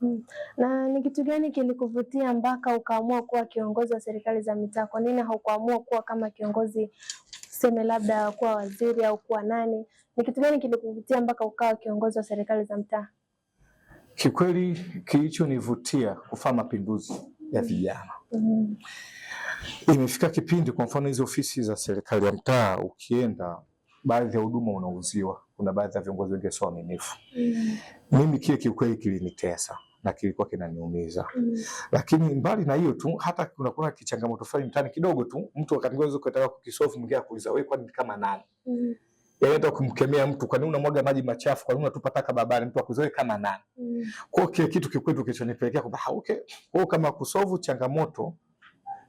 Mm. Na ni kitu gani kilikuvutia mpaka ukaamua kuwa kiongozi wa serikali za mitaa? Kwa nini haukuamua kuwa kama kiongozi, tuseme labda kuwa waziri au kuwa nani? Ni kitu gani kilikuvutia mpaka ukawa kiongozi wa serikali za mtaa? Kikweli kilichonivutia kufanya mapinduzi ya vijana mm Imefika kipindi, kwa mfano hizo ofisi za serikali ya mtaa, ukienda baadhi ya huduma unauziwa, kuna baadhi ya viongozi wengi sio waaminifu mm Mimi kile kiukweli kilinitesa na kilikuwa kinaniumiza mm. Lakini mbali na hiyo tu, hata kuna kuna kichangamoto fulani mtani kidogo tu, mtu akaniweza kutaka kukisolve, mwingine akuuliza wewe, kwani kama nani mm. Yeye yaani ndio kumkemea mtu, kwani unamwaga maji machafu, kwani unatupa taka babani, mtu akuzoe kama nani mm. Kwa hiyo kitu kikwetu kilichonipelekea kwamba ah, okay, kwa hiyo kama kusolve changamoto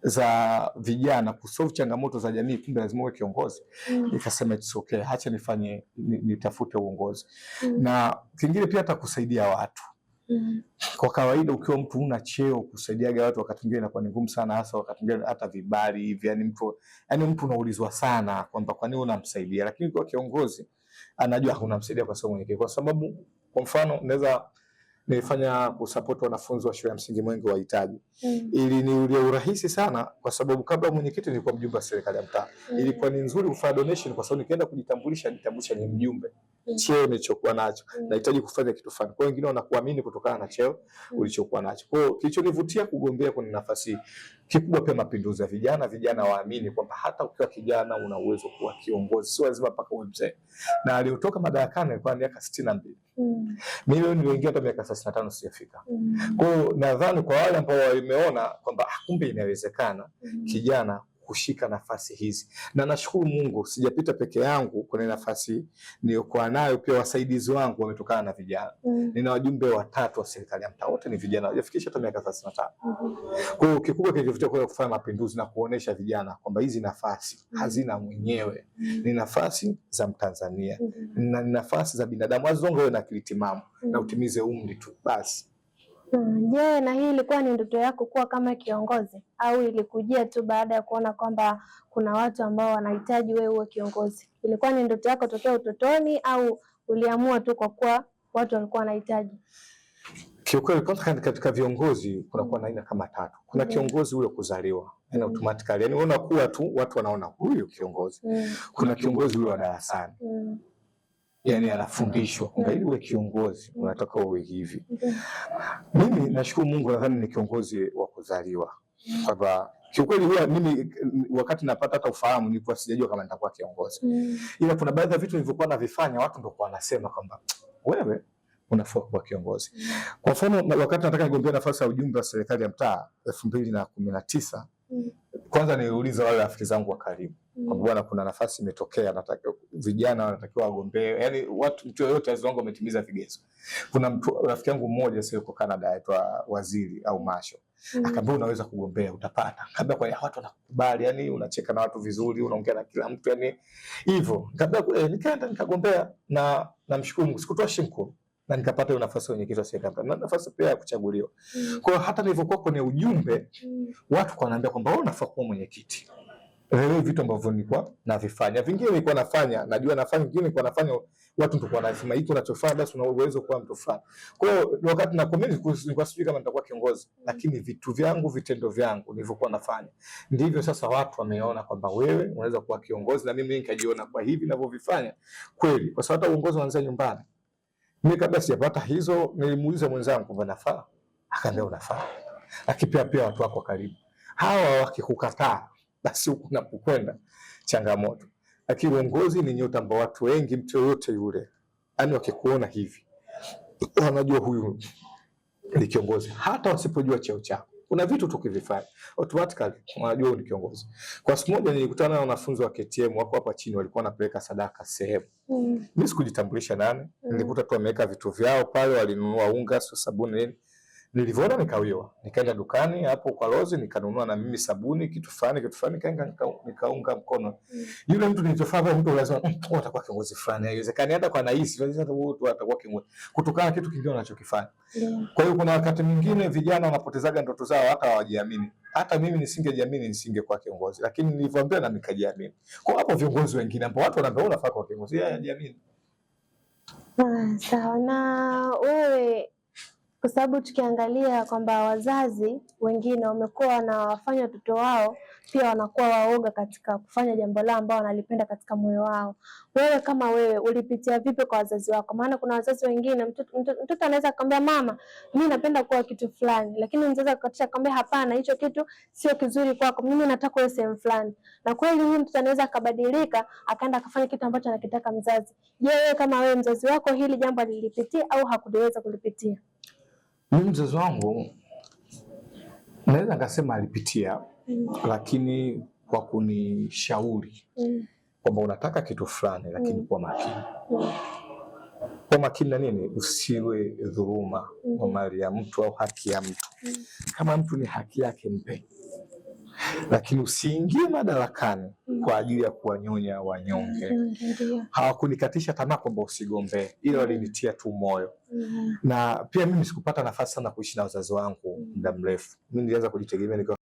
za vijana kusolve changamoto za jamii, kumbe lazima uwe kiongozi mm. Nikasema it's okay, acha nifanye nitafute uongozi mm. Na kingine pia atakusaidia watu Mm. Kwa kawaida ukiwa mtu una cheo kusaidiaga watu wakati mwingine inakuwa ni ngumu sana, hasa wakati mwingine hata vibali hivi, yani mtu yani mtu unaulizwa sana kwamba kwa nini unamsaidia, lakini kwa kiongozi anajua unamsaidia kwa sababu nyingine, kwa sababu kwa mfano naweza nilifanya kusapoti wanafunzi wa shule ya msingi Mwenge wahitaji mm. ili ni urahisi sana, kwa sababu kabla mwenyekiti nilikuwa mjumbe wa serikali ya mtaa mm. ilikuwa ni nzuri kufanya donation, kwa sababu nikienda kujitambulisha nitambulisha ni mjumbe mm. cheo nilichokuwa nacho mm. nahitaji kufanya kitu fulani, kwa wengine wanakuamini kutokana na cheo mm. ulichokuwa nacho. Kwa hiyo kilichonivutia kugombea kwenye nafasi Kikubwa pia mapinduzi ya vijana, vijana waamini kwamba hata ukiwa kijana una uwezo kuwa kiongozi, sio lazima mpaka uwe mzee. Na aliotoka madarakani alikuwa na miaka sitini na mbili. Mm. Mimi niliingia hata miaka thelathini na tano sijafika. Mm. Kwa hiyo nadhani kwa wale ambao wameona kwamba ah, kumbe inawezekana mm. kijana kushika nafasi hizi, na nashukuru Mungu sijapita peke yangu kwenye nafasi niliyokuwa nayo. Pia wasaidizi wangu wametokana na vijana mm. Nina wajumbe watatu wa serikali ya mtaa, wote ni vijana, hawajafikisha hata miaka 35. Mm-hmm. Kwa hiyo kikubwa kilichovutia kwa kufanya mapinduzi na kuonesha vijana kwamba hizi nafasi mm. hazina mwenyewe mm. ni nafasi za Mtanzania mm. na nafasi za binadamu, azonga na akili timamu mm. na utimize umri tu basi. Hmm, je, na hii ilikuwa ni ndoto yako kuwa kama kiongozi au ilikujia tu baada ya kuona kwamba kuna watu ambao wanahitaji wewe uwe kiongozi? Ilikuwa ni ndoto yako tokea utotoni au uliamua tu kwa kuwa watu walikuwa wanahitaji? Kiukweli katika viongozi kunakuwa na hmm. aina kama tatu. Kuna hmm. kiongozi ule kuzaliwa yani hmm. automatically, yani unakuwa tu watu wanaona huyu kiongozi mm. kuna kiongozi huyo wa darasani mm yani anafundishwa kwamba ili uwe kiongozi unataka uwe hivi. Mimi nashukuru Mungu, nadhani ni kiongozi wa kuzaliwa kwamba kiukweli huwa mimi wakati napata hata ufahamu nilikuwa sijajua kama nitakuwa kiongozi mm. Ila kuna baadhi ya vitu nilivyokuwa navifanya watu ndio kwa wanasema kwamba wewe unafaa kuwa kiongozi. Mm. Kwa mfano wakati nataka nigombea nafasi ya ujumbe wa serikali ya mtaa elfu mbili na kumi na tisa mm. Kwanza niliuliza wale rafiki zangu wa karibu mm. kwamba bwana, kuna nafasi imetokea nataka vijana wanatakiwa wagombee, yani watu, mtu yoyote azongo umetimiza vigezo. Kuna mtu rafiki yangu mmoja sio kwa Canada aitwa Waziri au Masho mm. Akaambia unaweza kugombea utapata, kabla kwa ya watu wanakubali, yani unacheka na watu vizuri, unaongea na kila mtu, yani hivyo. Kabla eh, nikaenda nikagombea na namshukuru Mungu sikutoa shingo na nikapata hiyo nafasi kwenye kitu cha serikali na nafasi pia ya kuchaguliwa. mm. Kwa hata nilivyokuwa kwenye ujumbe mm. watu wananiambia kwamba wewe unafaa kuwa mwenyekiti elewi vitu ambavyo nilikuwa navifanya, vingine nilikuwa nafanya, najua nafanya, vingine nilikuwa nafanya, watu ndio kwa lazima hiki unachofanya, basi una uwezo kwa mtu fulani. Kwa hiyo wakati na comment nilikuwa sijui kama nitakuwa kiongozi, lakini vitu vyangu, vitendo vyangu nilivyokuwa nafanya ndivyo sasa watu wameona kwamba wewe unaweza kuwa kiongozi, na mimi nikajiona kwa hivi ninavyovifanya kweli, kwa sababu uongozi unaanza nyumbani. Mimi kabla sijapata hizo, nilimuuliza mwenzangu kwamba nafaa, akaniambia unafaa, lakini pia watu wako karibu hawa wakikukataa basi huko unapokwenda changamoto. Lakini uongozi ni nyota ambao watu wengi, mtu yoyote yule, yani wakikuona hivi wanajua huyu ni kiongozi, hata wasipojua cheo chako. Kuna vitu tu kivifanya automatically wanajua ni kiongozi. Kwa siku moja nilikutana na wanafunzi wa KTM wako hapa chini, walikuwa wanapeleka sadaka sehemu mm. Mimi sikujitambulisha nani mm. Nilikuta tu wameweka vitu vyao pale, walinunua unga, sio sabuni, nini Nilivyoona nikawiwa, nikaenda dukani hapo kwa Lozi nikanunua na mimi sabuni, kitu fulani kitu fulani, nikaenda nikaunga mkono yule mtu. Nilichofanya mtu lazima mm, atakuwa kiongozi fulani, haiwezekani hata kwa naisi mtu atakuwa kiongozi kutokana kitu kingine anachokifanya. Kwa hiyo kuna wakati mwingine vijana wanapotezaga ndoto zao, hata hawajiamini. Hata mimi nisingejiamini, nisingekuwa kiongozi, lakini nilivyoambiwa na nikajiamini. Kwa hapo viongozi wengine ambao watu wanaambia unafaa kuwa kiongozi, yeye ajiamini. Ah, sawa na wewe kwa sababu tukiangalia kwamba wazazi wengine wamekuwa wanawafanya watoto wao pia wanakuwa waoga katika kufanya jambo lao ambao wanalipenda katika moyo wao. Wewe kama wewe ulipitia vipi kwa wazazi wako? Maana kuna wazazi wengine mtoto, anaweza akamwambia mama, mimi napenda kuwa kitu fulani, lakini mzazi akakatisha akamwambia hapana, hicho kitu sio kizuri kwako, mimi nataka uwe sehemu fulani. Na kweli huyu mtoto anaweza akabadilika akaenda akafanya kitu ambacho anakitaka mzazi. Je, wewe kama wewe mzazi wako hili jambo alilipitia au hakuweza kulipitia? Mimi mzazi wangu naweza nikasema alipitia mm. lakini kwa kunishauri mm. kwamba unataka kitu fulani, lakini mm. kwa makini mm. kwa makini na nini, usiwe dhuruma mm. kwa mali ya mtu au haki ya mtu mm. kama mtu ni haki yake mpe lakini usiingie madarakani kwa ajili ya kuwanyonya wanyonge. Hawakunikatisha tamaa kwamba usigombee, ila walinitia mm. tu moyo. Mm. Na pia mimi sikupata nafasi sana kuishi na wazazi wangu muda mrefu. Mimi nilianza kujitegemea nikiwa